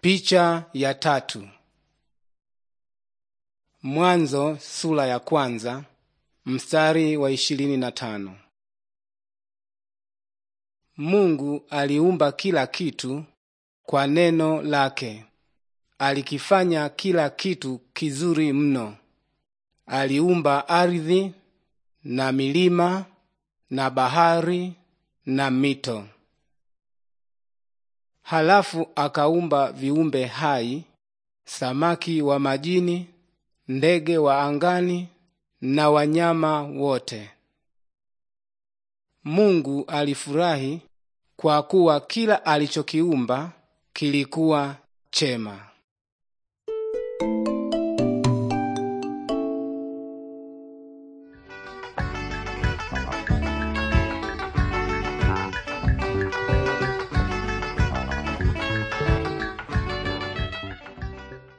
Picha ya tatu. Mwanzo sura ya kwanza mstari wa ishirini na tano. Mungu aliumba kila kitu kwa neno lake, alikifanya kila kitu kizuri mno. Aliumba ardhi na milima na bahari na mito. Halafu akaumba viumbe hai, samaki wa majini, ndege wa angani na wanyama wote. Mungu alifurahi kwa kuwa kila alichokiumba kilikuwa chema.